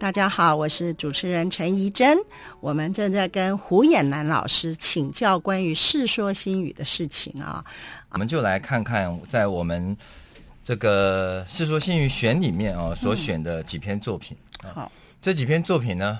大家好，我是主持人陳怡蓁。我們正在跟胡衍南老師請教關於《世說新語》的事情啊、哦，我們就來看看在我們這個《世說新語選》裡面啊、哦、所選的幾篇作品。嗯啊、好，這幾篇作品呢，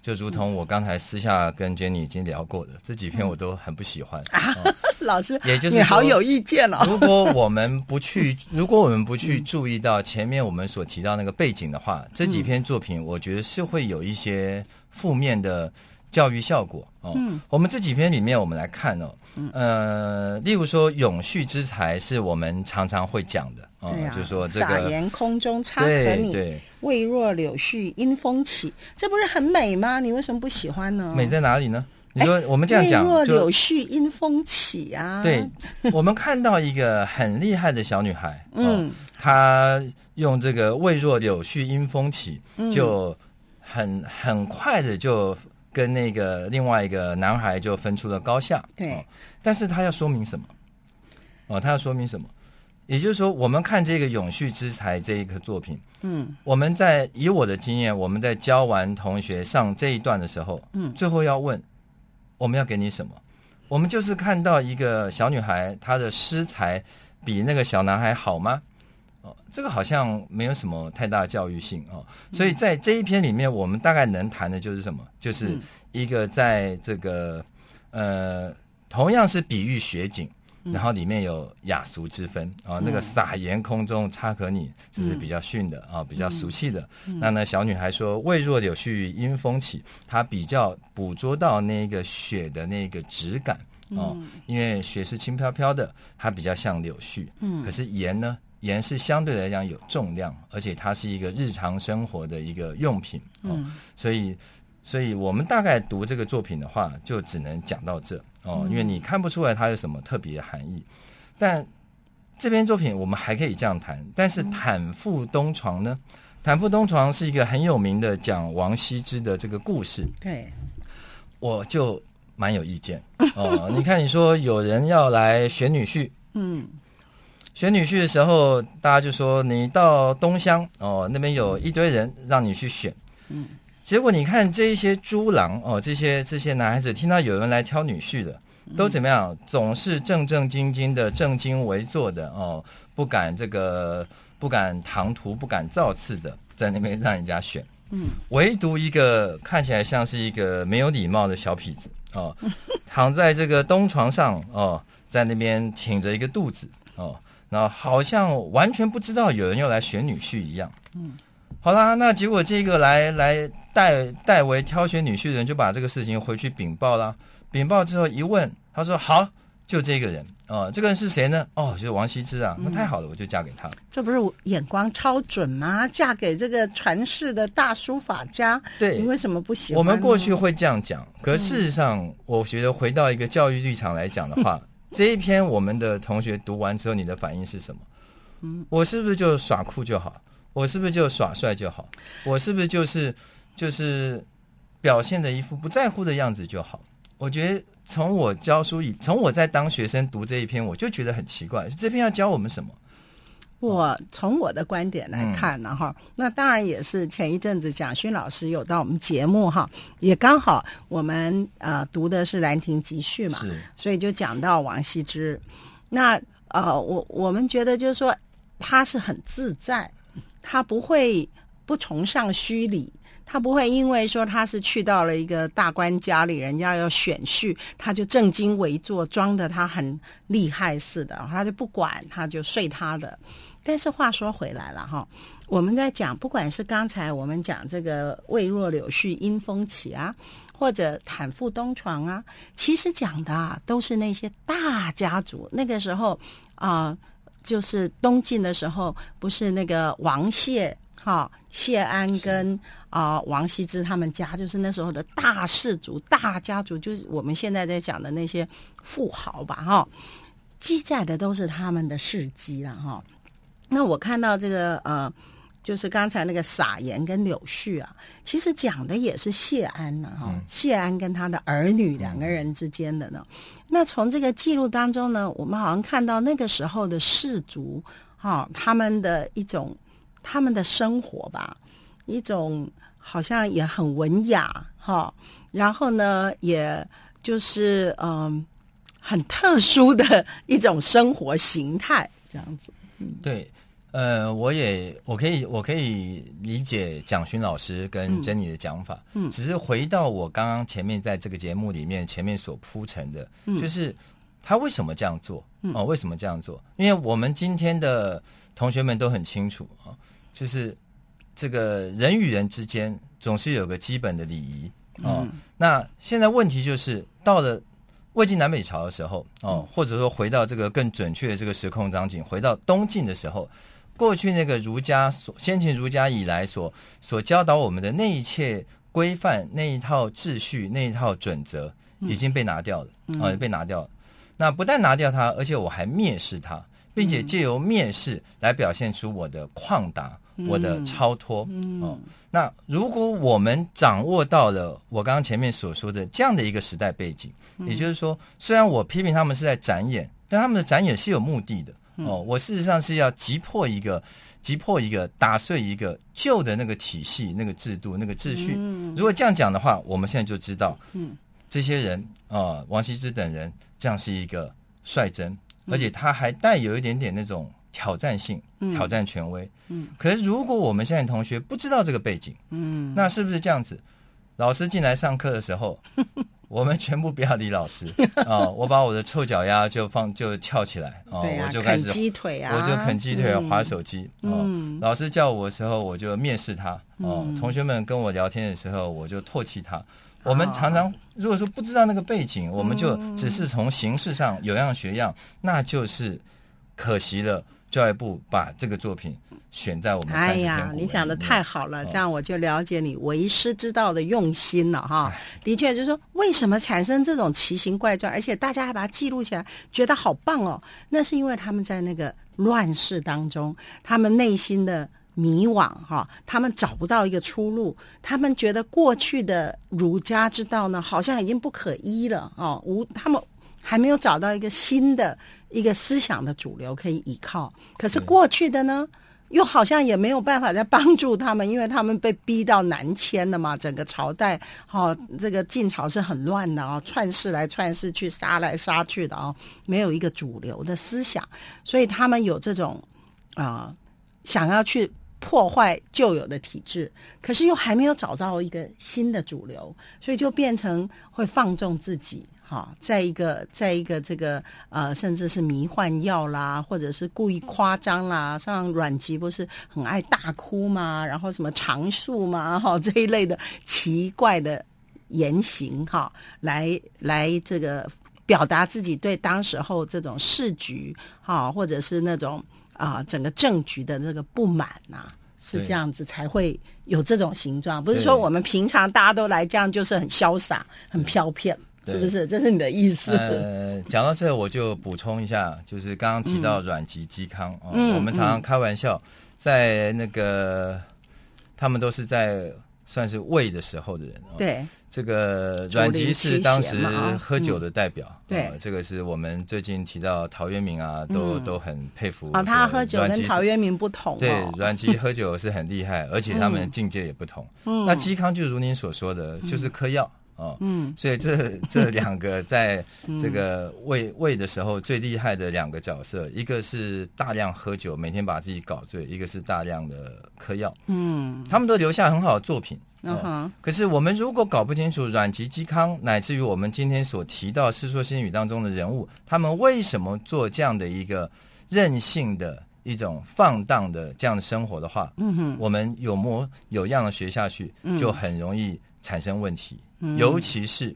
就如同我剛才私下跟 Jenny 已經聊過的，嗯、這幾篇我都很不喜歡。嗯啊啊老師，也就是你好，有意見了、哦。 如果我們不去，如果我們不去注意到前面我們所提到那個背景的話，嗯、這幾篇作品，我覺得是會有一些負面的教育效果、嗯、哦。嗯、我們這幾篇裡面，我們來看哦，嗯、呃，例如說“詠絮之才”是我們常常會講的哦，啊、就說這個“撒鹽空中差可擬，對，對，未若柳絮因風起”，這不是很美嗎？你為什麼不喜歡呢？美在哪裡呢？你說我們這樣講，未若柳絮因風起啊。對，我們看到一個很厲害的小女孩，嗯，她用這個“未若柳絮因風起”就很很快的就跟那個另外一個男孩就分出了高下。對，但是她要說明什麼？哦，她要說明什麼？也就是說，我們看這個《詠絮之才》這一個作品，嗯，我們在以我的經驗，我們在教完同學上這一段的時候，嗯，最後要問。我們要給你什麼？我們就是看到一個小女孩，她的詩才比那個小男孩好嗎？哦，這個好像沒有什麼太大教育性哦。所以在這一篇裡面，我們大概能談的就是什麼？就是一個在這個呃，同樣是比喻雪景。然後裡面有雅俗之分啊、嗯哦，那個撒鹽空中差可擬，就是比較遜的啊、嗯哦，比較俗氣的。嗯嗯、那呢，小女孩說“未若柳絮因風起”，她比較捕捉到那個雪的那個質感哦，嗯、因為雪是輕飄飄的，它比較像柳絮。嗯。可是鹽呢，鹽是相對來講有重量，而且它是一個日常生活的一個用品哦，嗯、所以，所以我們大概讀這個作品的話，就只能講到這。哦，因為你看不出來它有什麼特別的含義，嗯、但這篇作品我們還可以這樣談。但是“坦腹東床”呢，“坦腹東床”是一個很有名的講王羲之的這個故事。對嘿，我就蠻有意見哦。 你看，你說有人要來選女婿，嗯，選女婿的時候，大家就說你到東鄉哦，那邊有一堆人讓你去選，嗯。嗯結果你看這一些諸郎哦，這些這些男孩子聽到有人來挑女婿的，都怎麼樣？總是正正經經的，正襟危坐的哦，不敢這個、不敢唐突、不敢造次的，在那邊讓人家選。嗯，唯獨一個看起來像是一個沒有禮貌的小痞子哦，躺在這個東床上哦，在那邊挺着一個肚子哦，然後好像完全不知道有人要來選女婿一樣。嗯。好啦，那結果這個來來代代為挑選女婿的人就把這個事情回去稟報啦。稟報之後一問，他說：“好，就這個人哦、呃，這個人是誰呢？哦，就是王羲之啊，那太好了，嗯、我就嫁給他了。”這不是眼光超準嗎？嫁給這個傳世的大書法家，對，你為什麼不喜歡？我們過去會這樣講，可事實上，我覺得回到一個教育立場來講的話，嗯、這一篇我們的同學讀完之後，你的反應是什麼？嗯，我是不是就耍酷就好？我是不是就耍帥就好？我是不是就是就是表現的一副不在乎的樣子就好？我覺得從我教書以從我在當學生讀這一篇，我就覺得很奇怪。這篇要教我們什麼？我從我的觀點來看、啊，然後、嗯、那當然也是前一陣子蔣勳老師有到我們節目哈，也剛好我們呃讀的是《蘭亭集序》嘛，是。所以就講到王羲之。那呃，我我們覺得就是說他是很自在。他不會不崇尚虛禮，他不會因為說他是去到了一個大官家裡，人家要選婿，他就正襟危坐，裝得他很厲害似的，他就不管，他就睡他的。但是話說回來了哈，我們在講，不管是剛才我們講這個“未若柳絮因風起”啊，或者“坦腹東床”啊，其實講的都是那些大家族那個時候啊。呃就是東晉的時候，不是那個王謝哈，謝安跟啊是、呃、王羲之他們家，就是那時候的大氏族、大家族，就是我們現在在講的那些富豪吧，哈，記載的都是他們的事蹟了，哈。那我看到這個呃。就是剛才那個撒鹽跟柳絮啊，其實講的也是謝安呢、啊，哈、嗯，謝安跟他的兒女兩個人之間的呢。那從這個記錄當中呢，我們好像看到那個時候的士族，哈、哦，他們的一種他們的生活吧，一種好像也很文雅哈、哦，然後呢，也就是嗯、呃，很特殊的一種生活形態，這樣子，嗯，對。呃，我也我可以我可以理解蔣勳老師跟珍妮的講法嗯，嗯，只是回到我剛剛前面在這個節目裡面前面所鋪陳的，嗯，就是他為什麼這樣做嗯、啊，為什麼這樣做？因為我們今天的同學們都很清楚啊，就是這個人與人之間總是有個基本的禮儀，啊、嗯，那現在問題就是到了魏晉南北朝的時候，哦、啊，或者說回到這個更準確的這個時空場景，回到東晉的時候。過去那個儒家所、先秦儒家以來所、所教導我們的那一切規範、那一套秩序、那一套準則，已經被拿掉了啊，也、嗯呃、被拿掉了。那不但拿掉它，而且我還蔑視它，並且借由蔑視來表現出我的曠達、嗯、我的超脫。哦、呃嗯嗯呃，那如果我們掌握到了我剛剛前面所說的這樣的一個時代背景，也就是說，雖然我批評他們是在展演，但他們的展演是有目的的。哦，我事實上是要急迫一個、急迫一個、打碎一個舊的那個體系、那個制度、那個秩序。如果這樣講的話，我們現在就知道，嗯，這些人啊、呃，王羲之等人這樣是一個率真，而且他還帶有一點點那種挑戰性，挑戰權威。嗯，可是如果我們現在的同學不知道這個背景，嗯，那是不是這樣子？老師進來上課的時候，我們全部不要理老師啊、 呃！我把我的臭腳丫就放就翹起來、呃、啊，我就開始啃雞腿啊，我就啃雞腿滑手機啊。老師叫我的時候，我就蔑視他啊；呃嗯、同學們跟我聊天的時候，我就唾棄他。嗯、我們常常如果說不知道那個背景，我們就只是從形式上有樣學樣，嗯、那就是可惜了。教育部把這個作品選在我們這裡。哎呀，你講的太好了！這樣我就了解你為師之道的用心了哈。哦、的確，就是說，為什麼產生這種奇形怪狀，而且大家還把它記錄起來，覺得好棒哦？那是因為他們在那個亂世當中，他們內心的迷惘哈、哦，他們找不到一個出路，他們覺得過去的儒家之道呢，好像已經不可依了哦，無他們。還沒有找到一個新的一個思想的主流可以依靠，可是過去的呢，嗯、又好像也沒有辦法再幫助他們，因為他們被逼到南遷了嘛。整個朝代，哈、哦，這個晉朝是很亂的啊、哦，篡弒來篡弒去，殺來殺去的啊、哦，沒有一個主流的思想，所以他們有這種啊、呃，想要去破壞舊有的體制，可是又還沒有找到一個新的主流，所以就變成會放縱自己。好，再一個，再一個這個呃，甚至是迷幻藥啦，或者是故意誇張啦，像阮籍不是很愛大哭嘛，然後什麼長術嘛，哈這一類的奇怪的言行哈，來來這個表達自己對當時候這種世局哈，或者是那種啊、呃、整個政局的那個不滿吶、啊，是，是這樣子才會有這種形狀。不是說我們平常大家都來這樣，就是很瀟灑、很飄片。是不是？這是你的意思。呃，講到這，我就補充一下，就是剛剛提到阮籍、嵇康啊，我們常常開玩笑，在那個他們都是在算是魏的時候的人。對，這個阮籍是當時喝酒的代表。對，這個是我們最近提到陶淵明啊，都都很佩服。啊，他喝酒跟陶淵明不同。對，阮籍喝酒是很厲害，而且他們境界也不同。嗯，那嵇康就如您所說的就是嗑藥。哦，嗯，所以這這兩個在這個魏魏呵的時候最厲害的兩個角色，嗯、一個是大量喝酒，每天把自己搞醉，一個是大量的嗑藥。嗯，他們都留下很好的作品。嗯，嗯，可是我們如果搞不清楚阮籍、嵇康，嗯、乃至於我們今天所提到《世說新語》當中的人物，他們為什麼做這樣的一個任性的一種放蕩的這樣的生活的話，嗯哼，我們有模有樣的學下去，嗯、就很容易產生問題。尤其是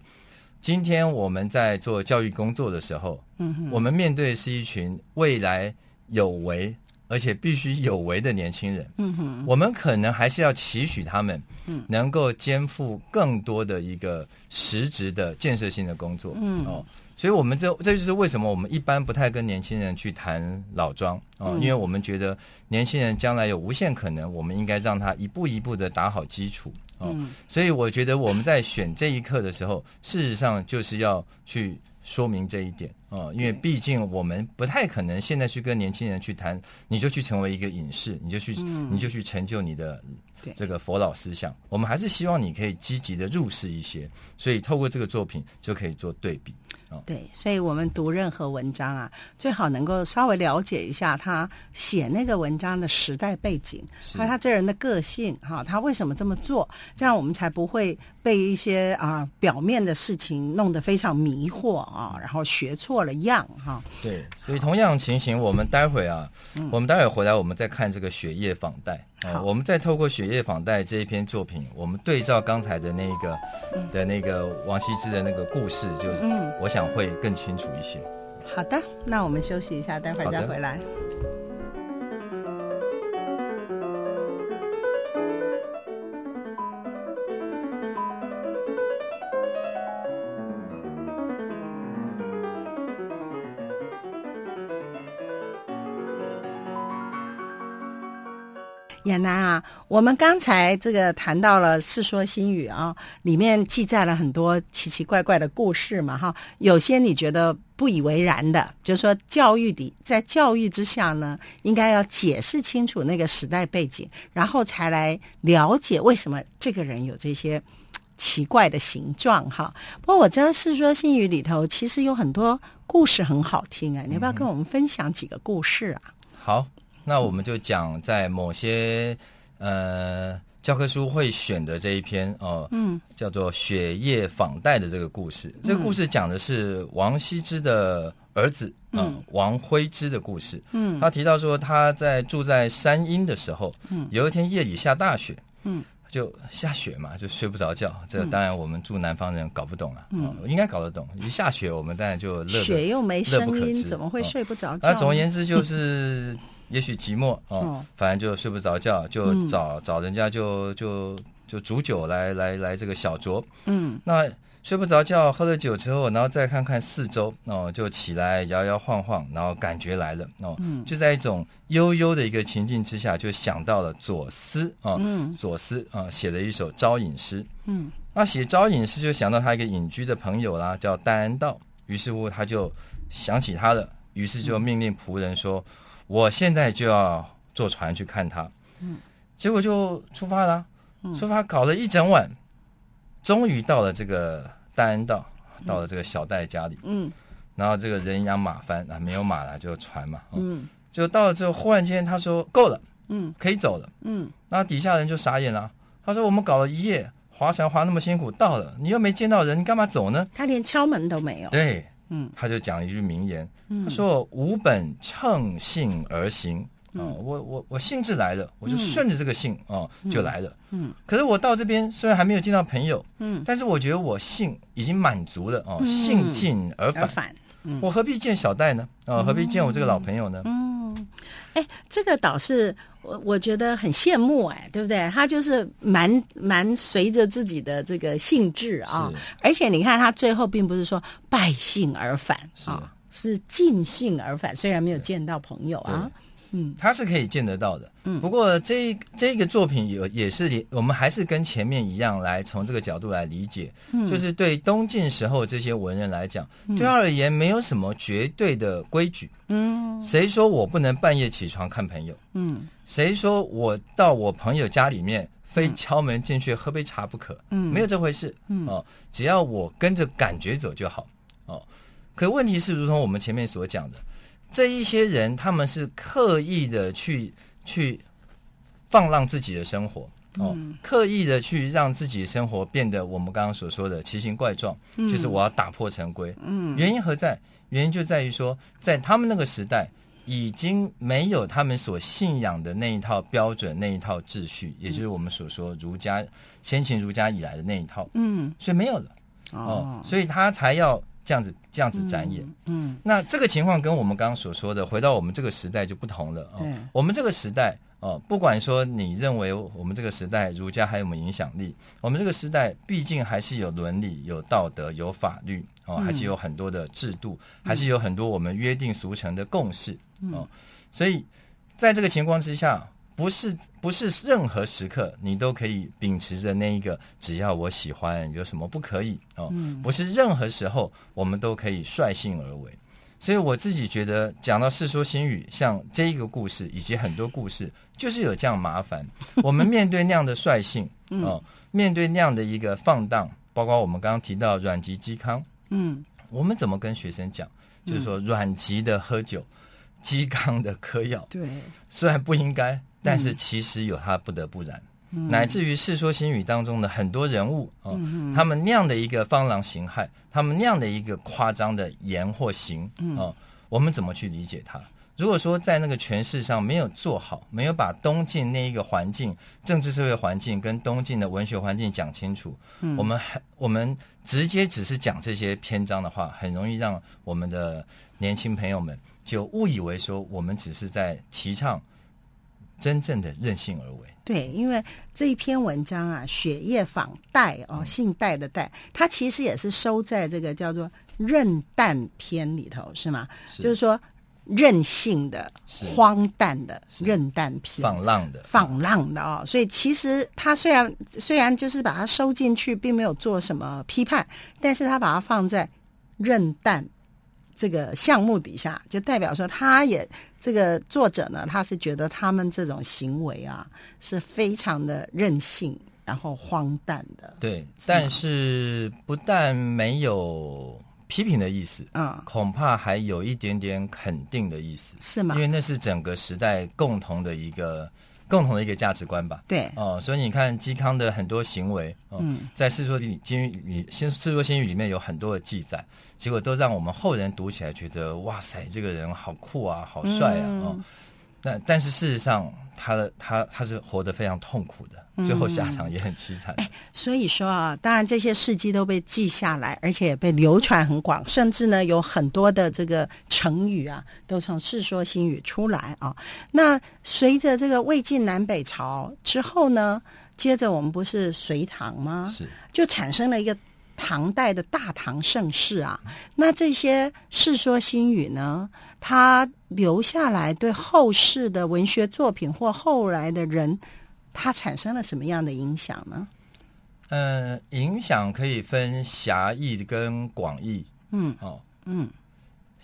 今天我們在做教育工作的時候，嗯哼。我們面對的是一群未來有為，而且必須有為的年輕人，嗯、哼我們可能還是要期許他們能夠肩負更多的一個實質的建設性的工作。嗯、哦，所以，我們這這就是為什麼我們一般不太跟年輕人去談老莊啊，哦嗯、因為我們覺得年輕人將來有無限可能，我們應該讓他一步一步的打好基礎。哦、嗯，所以，我覺得我們在選這一課的時候，事實上就是要去。說明這一點啊、哦，因為畢竟我們不太可能現在去跟年輕人去談，你就去成為一個隱士，你就去，嗯、你就去成就你的這個佛老思想。對我們還是希望你可以積極的入世一些，所以透過這個作品就可以做對比啊。哦、對，所以我們讀任何文章啊，最好能夠稍微了解一下他寫那個文章的時代背景，還有是他這人的個性哈、哦，他為什麼這麼做？這樣我們才不會。被一些啊、呃、表面的事情弄得非常迷惑啊、哦，然後學錯了樣哈。啊、對，所以同樣情形，好我們待會啊，嗯、我們待會回來，我們再看這個《雪夜訪戴》、啊、好我們再透過《雪夜訪戴》這一篇作品，我們對照剛才的那個、嗯、的那個王羲之的那個故事，就是嗯，我想會更清楚一些、嗯。好的，那我們休息一下，待會再回來。衍南啊，我們剛才這個談到了《世說新語》啊，裡面記載了很多奇奇怪怪的故事嘛，哈，有些你覺得不以為然的，就是說教育裡，在教育之下呢，應該要解釋清楚那個時代背景，然後才來了解為什麼這個人有這些奇怪的形狀，哈。不過我知道《世說新語》裡頭其實有很多故事很好聽啊，你要不要跟我們分享幾個故事啊？好。那我們就講，在某些呃教科書會選的這一篇哦，嗯，叫做《雪夜訪戴》的這個故事。這個故事講的是王羲之的兒子，嗯，王徽之的故事。嗯，他提到說，他在住在山陰的時候，嗯，有一天夜裡下大雪，嗯，就下雪嘛，就睡不着覺。這當然我們住南方人搞不懂了，嗯，應該搞得懂。一下雪，我們當然就樂，樂不可支，雪又沒聲音，怎麼會睡不着？那總而言之就是。也許寂寞哦、呃，反正就睡不着覺，哦、就找、嗯、找人家就，就就就煮酒來來來這個小酌。嗯，那睡不着覺，喝了酒之後，然後再看看四周，哦、呃，就起來搖搖晃晃，然後感覺來了，哦、呃，嗯、就在一種悠悠的一個情境之下，就想到了左思啊，左、呃嗯、思啊，寫、呃、了一首招隱詩。嗯，那寫招隱詩就想到他一個隱居的朋友啦，叫戴安道，於是乎他就想起他了。於是就命令僕人說：“嗯、我現在就要坐船去看他。”嗯，結果就出發了。嗯，出發搞了一整晚，嗯、終於到了這個戴安道，到了這個小戴家裡。嗯，嗯然後這個人仰馬翻，啊，沒有馬了，就船嘛。啊、嗯，就到了之後，忽然間他說：“夠了，嗯，可以走了。嗯”嗯，那底下人就傻眼了。他說：“我們搞了一夜划船划那麼辛苦，到了你又沒見到人，你幹嘛走呢？”他連敲門都沒有。對。嗯，他就講了一句名言，嗯、他說：“吾本乘興而行、嗯、啊，我我我興致來了，我就順着這個興，嗯、啊就來了。嗯，嗯可是我到這邊雖然還沒有見到朋友，嗯，但是我覺得我興已經滿足了啊，興盡、嗯、而返，而返嗯、我何必見小戴呢？啊，何必見我這個老朋友呢？”嗯嗯嗯哎，這個倒是我我覺得很羨慕哎，對不對？他就是蠻蠻隨着自己的這個興致啊，是而且你看他最後並不是說敗興而返啊是、哦，是盡興而返，雖然沒有見到朋友啊。嗯，他是可以見得到的。嗯，不過這一這個作品有也是，我們還是跟前面一樣來從這個角度來理解。嗯，就是對東晉時候這些文人來講，嗯、對他而言沒有什麼絕對的規矩。嗯，誰說我不能半夜起床看朋友？嗯，誰說我到我朋友家裡面非敲門進去喝杯茶不可？嗯，沒有這回事。嗯，哦，只要我跟着感覺走就好。哦，可問題是，如同我們前面所講的。這一些人，他們是刻意的去去放浪自己的生活，嗯、哦，刻意的去讓自己的生活變得我們剛剛所說的奇形怪狀，嗯、就是我要打破陳規，嗯。嗯，原因何在？原因就在於說，在他們那個時代，已經沒有他們所信仰的那一套標準、那一套秩序，也就是我們所說儒家先秦儒家以來的那一套。嗯，所以沒有了哦，哦，所以他才要。這樣子，這樣子展演，嗯，嗯那這個情況跟我們剛剛所說的，回到我們這個時代就不同了啊。哦、對我們這個時代，哦，不管說你認為我們這個時代儒家還有沒有影響力，我們這個時代畢竟還是有倫理、有道德、有法律，哦，還是有很多的制度，嗯、還是有很多我們約定俗成的共識，嗯、哦，所以在這個情況之下。不是不是，任何時刻你都可以秉持着那一個只要我喜歡有什麼不可以哦？嗯、不是任何時候我們都可以率性而為。所以我自己覺得講到《世說新語》，像這一個故事以及很多故事， 就是有這樣麻煩。我們面對那樣的率性 哦，面對那樣的一個放蕩，包括我們剛剛提到阮籍、嵇康，嗯，我們怎麼跟學生講？嗯、就是說阮籍的喝酒，嵇康的嗑藥，對，雖然不應該。但是其實有他不得不然，嗯、乃至於《世說新語》當中的很多人物哦、嗯啊，他們那樣的一個放浪形骸，他們那樣的一個誇張的言或行哦，啊嗯、我們怎麼去理解它？如果說在那個詮釋上沒有做好，沒有把東晉那一個環境、政治社會環境跟東晉的文學環境講清楚，嗯、我們很，我們直接只是講這些篇章的話，很容易讓我們的年輕朋友們就誤以為說我們只是在提倡。真正的任性而為，對，因為這一篇文章啊，雪夜訪戴哦，訪戴的戴，嗯、它其實也是收在這個叫做“任誕篇篇”裡頭，是嗎？是就是說，任性的、是荒誕的任是誕篇，放浪的、放浪的哦。所以其實它雖然雖然就是把它收進去，並沒有做什麼批判，但是他把它放在任誕。這個項目底下，就代表說，他也這個作者呢，他是覺得他們這種行為啊，是非常的任性，然後荒誕的。對，是嗎但是不但沒有批評的意思，啊、嗯，恐怕還有一點點肯定的意思，是嗎？因為那是整個時代共同的一個。共同的一個價值觀吧。對，哦，所以你看嵇康的很多行為，哦、嗯，在《世說新語》裡，《世說新語》裡面有很多的記載，結果都讓我們後人讀起來覺得，哇塞，這個人好酷啊，好帥啊！嗯、哦。那但，但是事實上，他的他他，他是活得非常痛苦的，嗯，最後下場也很淒慘。哎，所以說啊，當然這些事蹟都被記下來，而且也被流傳很廣，甚至呢有很多的這個成語啊，都從《世說新語》出來啊。那隨着這個魏晉南北朝之後呢，接着我們不是隋唐嗎？是，就產生了一個唐代的大唐盛世啊。是那這些《世說新語》呢？他留下來對後世的文學作品或後來的人，他產生了什麼樣的影響呢？嗯、呃，影響可以分狹義跟廣義。嗯，哦，嗯，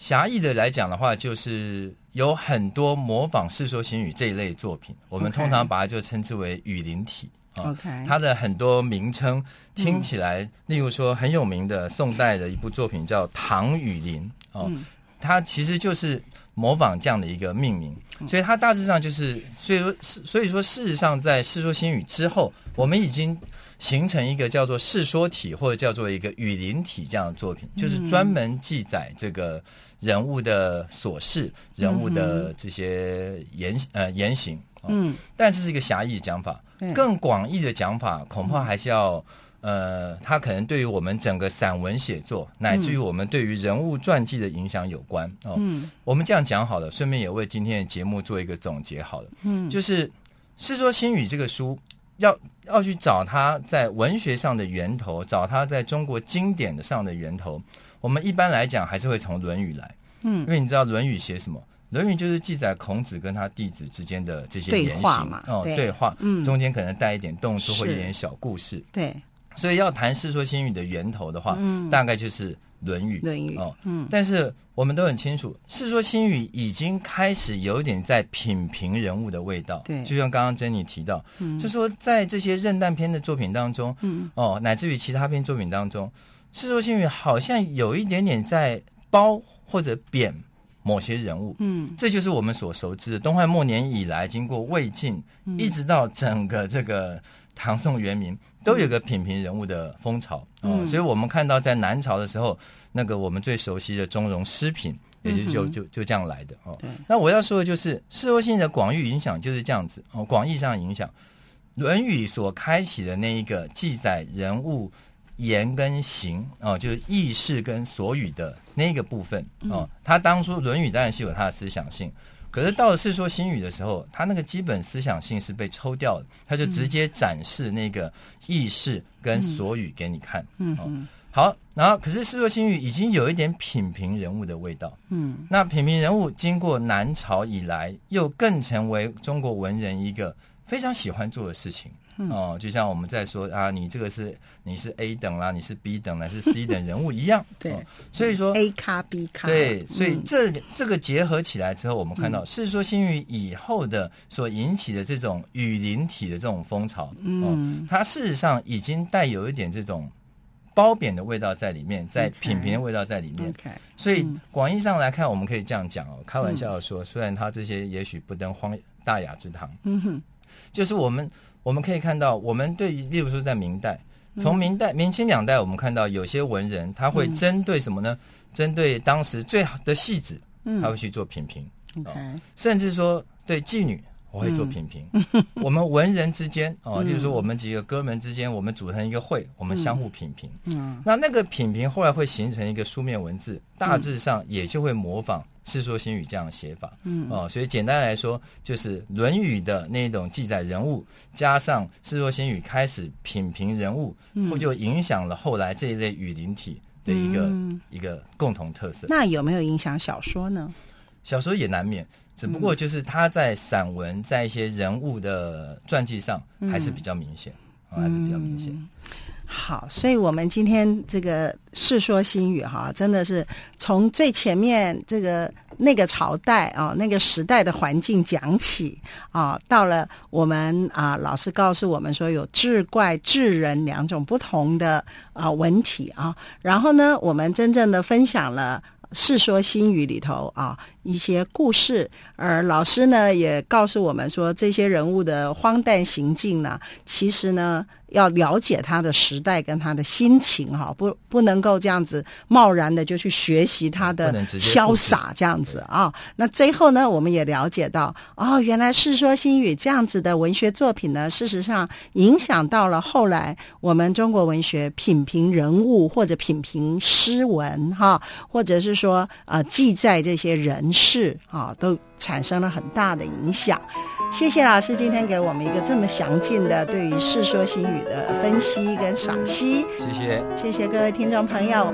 狹義的來講的話，就是有很多模仿《世說新語》這一類作品，Okay. 我們通常把它就稱之為“語林體”哦。OK，它的很多名稱聽起來，嗯、例如說很有名的宋代的一部作品叫《唐語林》哦。嗯它其實就是模仿這樣的一個命名，所以它大致上就是，所以說，所以說，事實上，在《世說新語》之後，我們已經形成一個叫做“世說體”或者叫做一個“語林體”這樣的作品，就是專門記載這個人物的瑣事、嗯、人物的這些言、嗯、呃言行。哦、嗯。但這是一個狹義的講法，更廣義的講法，恐怕還是要。呃，他可能對於我們整個散文寫作，乃至於我們對於人物傳記的影響有關、嗯、哦。嗯、我們這樣講好了，順便也為今天的節目做一個總結好了。嗯，就是《世說新語》這個書要要去找它在文學上的源頭，找它在中國經典的上的源頭。我們一般來講還是會從《論語》來，嗯，因為你知道《論語》寫什麼，《論語》就是記載孔子跟他弟子之間的這些言行對話嘛，哦、嗯對嗯，對話，嗯，中間可能帶一點動作或一點小故事，對。所以要談《世說新語》的源頭的話，嗯、大概就是《論語》。《論語》哦，嗯、但是我們都很清楚，《世說新語》已經開始有點在品評人物的味道。對，就像剛剛珍妮提到，嗯、就說在這些任誕篇的作品當中，嗯、哦，乃至於其他篇作品當中，嗯《世說新語》好像有一點點在褒或者貶某些人物。嗯，這就是我們所熟知的東漢末年以來，經過魏晉，嗯、一直到整個這個唐宋元明。都有個品評人物的風潮，嗯、哦，所以我們看到在南朝的時候，那個我們最熟悉的鍾嶸《詩品》，也就是就就就這樣來的哦。嗯、哼那我要說的就是社會性的廣義影響就是這樣子哦，廣義上的影響《論語》所開啟的那一個記載人物言跟行哦，就是意識跟所語的那一個部分哦。他當初《論語》當然是有他的思想性。可是到了《世說新語》的時候，他那個基本思想性是被抽掉的，他就直接展示那個軼事跟瑣語給你看。嗯嗯，好，然後可是《世說新語》已經有一點品評人物的味道。嗯，那品評人物經過南朝以來，又更成為中國文人一個非常喜歡做的事情。哦，就像我們在說啊，你這個是你是 A 等啦，你是 B 等還是 C 等人物一樣，對，所以說 A 咖 B 咖，對，所以這這個結合起來之後，我們看到《世說新語》以後的所引起的這種語林體的這種風潮，嗯，它事實上已經帶有一點這種褒貶的味道在裡面，在品評的味道在裡面，OK，所以廣義上來看，我們可以這樣講哦，開玩笑的說，雖然他這些也許不登荒大雅之堂，嗯哼，就是我們。我們可以看到，我們對於，例如說在明代，從明代、明清兩代，我們看到有些文人，他會針對什麼呢？針對當時最好的戲子，他會去做品評，甚至說對妓女，我會做品評。我們文人之間，哦，例如說我們幾個哥們之間，我們組成一個會，我們相互品評。嗯，那那個品評後來會形成一個書面文字，大致上也就會模仿《世說新語》這樣的寫法，嗯，哦、呃，所以簡單來說，就是《論語》的那種記載人物，加上《世說新語》開始品評，評人物，後、嗯、就影響了後來這一類語林體的一個、嗯、一個共同特色。那有沒有影響小說呢？小說也難免，只不過就是它在散文，在一些人物的傳記上還是比較明顯。嗯嗯啊、還是比較明顯、嗯。好，所以我們今天這個《世說新語》哈、啊，真的是從最前面這個那個朝代啊、那個時代的環境講起啊，到了我們啊，老師告訴我們說有志怪志人兩種不同的啊文體啊，然後呢，我們真正的分享了。《世說新語》裡頭啊，一些故事，而老師呢，也告訴我們說，這些人物的荒誕行徑呢，其實呢。要了解他的時代跟他的心情哈、啊，不不能夠這樣子貿然的就去學習他的瀟灑這樣子啊。那最後呢，我們也了解到，哦，原來《世說新語》這樣子的文學作品呢，事實上影響到了後來我們中國文學品評人物或者品評詩文哈、啊，或者是說啊、呃，記載這些人事啊都。產生了很大的影響，謝謝老師今天給我們一個這麼詳盡的對於《世說新語》的分析跟賞析。謝謝，謝謝各位聽眾朋友。